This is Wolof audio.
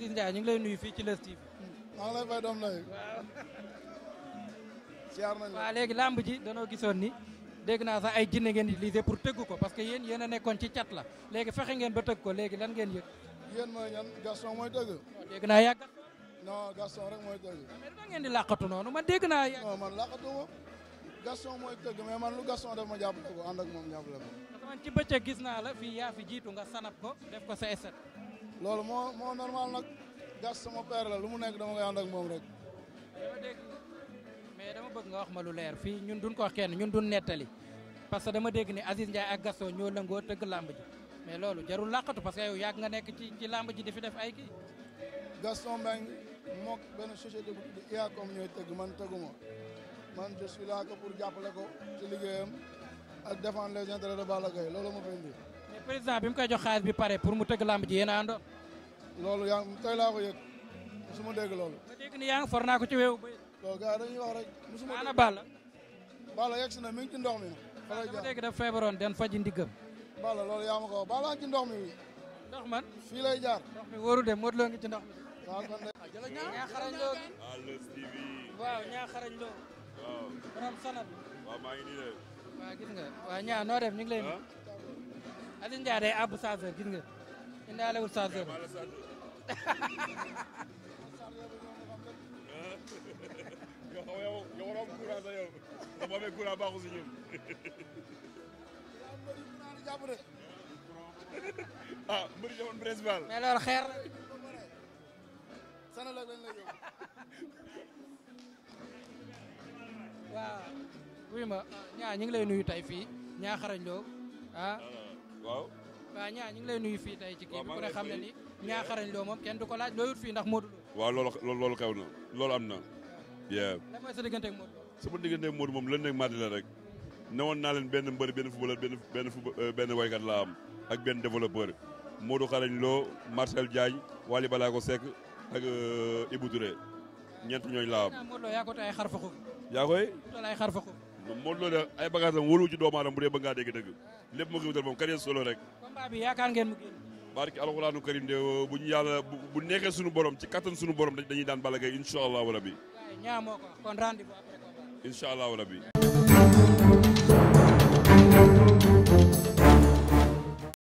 Aziz ngi lay nuyu fii ci Leuz TV. maa ngi lay fay doom lay. danoo gisoon ni dégg naa sax ay jinne ngeen utilisé pour tëgg ko parce que yéen yéen nekkoon ci cat la léegi fexe ngeen ba tëgg ko léegi lan ngeen yëg. yéen mooy mooy tëgg. dégg naa yàgg. non Gaston rek mooy tëgg. Ah, mais ngeen di làqatu noonu man dégg naa. non ma Gaston mooy tëgg mais man lu Gaston def ma jàppale ko ànd moom jàppale ko. ci bëccëg gis naa la fii yaa jiitu nga sanab ko def ko sa essai. loolu moo moo normal nag gas sama la lu mu nekk dama koy ànd ak moom rek. mais dama bëgg nga wax ma lu leer fii ñun duñ ko wax kenn ñun duñ nettali parce que dama dégg ni Aziz Ndiaye ak Gaston ñoo lëngoo tëgg làmb ji mais loolu jarul làqatu parce que yow yàgg nga nekk ci ci làmb ji di def ay kii. Gaston Mbengue mook benn société bu tudd IACOM ñooy tëgg man tëgguma man je suis là que ko ci liggéeyam ak défendre les intérêts de Balla Gaye loolu ma fay président bi mu koy jox xaalis bi pare pour mu tëgg làmb ji yéen a àndoon. loolu yaa ngi tey laa ko yëg musuma loolu. ma dégg ni yaa ngi for naa ko ci wéewu ba. loolu gars dañuy na mi ngi ci ndox mi. xale feebaroon den faji ndiggam. Balla loolu yaa ma ko wax Balla ci ndox mi. ndox man fii lay jaar. ndox mi wóoru de Modou Lo ngi ci ndox mi. waaw kon de. ñaa xarañ ñu ngi lay. Aziz Ndiaye day àbb chargeur gis nga indaale wul chargeur ah mbëri jamono principal. mais loolu xeer la. Senelec lañ lay yóbbu. waaw. wuy ma ñaa ñu ngi lay nuyu tey fii ñaa xarañ loo ah. waaw waaw ñaa ñu ngi lay nuyu fii tey ci kii bi ku ne xam ne ni ñaa xarañ loo moom kenn du ko laaj looyut fii ndax Modou Lo lool lool loolu xew na loolu am na yeah sa diggante ak Modou moom lan nag maadi la rek newoon naa leen benn mbër benn footballeur benn benn euh, benn waykat laa am ak benn développeur Modou xarañ loo Marcel Diagne Waly Balago Seck ak euh, Ibou Touré ñeent ñooñu laa am Modou Lo yaa ko tay xarfaxu yaa koy moom Modou ay bagage am wóolu ci doomu aadama bu dee bëgg ngaa dégg dëgg lépp mu xiwtal moom carrière solo rek combat bi yaakaar ngeen mu génn barki alxuraanu karim de bu ñu yàlla bu neexee sunu borom ci kattan suñu borom dañuy daan Balla Gaye incha allahu rabi ñaa moo incha allahu rabi